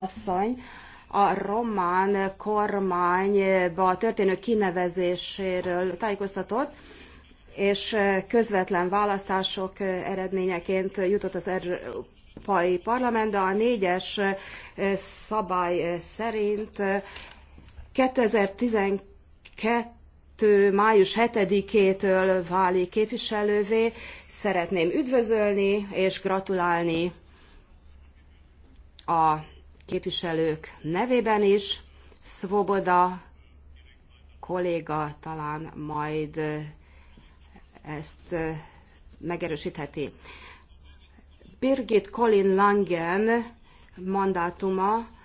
asszony a román kormányba történő kinevezéséről tájékoztatott, és közvetlen választások eredményeként jutott az Európai Parlament, de a négyes szabály szerint 2012 május 7-től válik képviselővé. Szeretném üdvözölni és gratulálni a képviselők nevében is. Svoboda kolléga talán majd ezt megerősítheti. Birgit Colin Langen mandátuma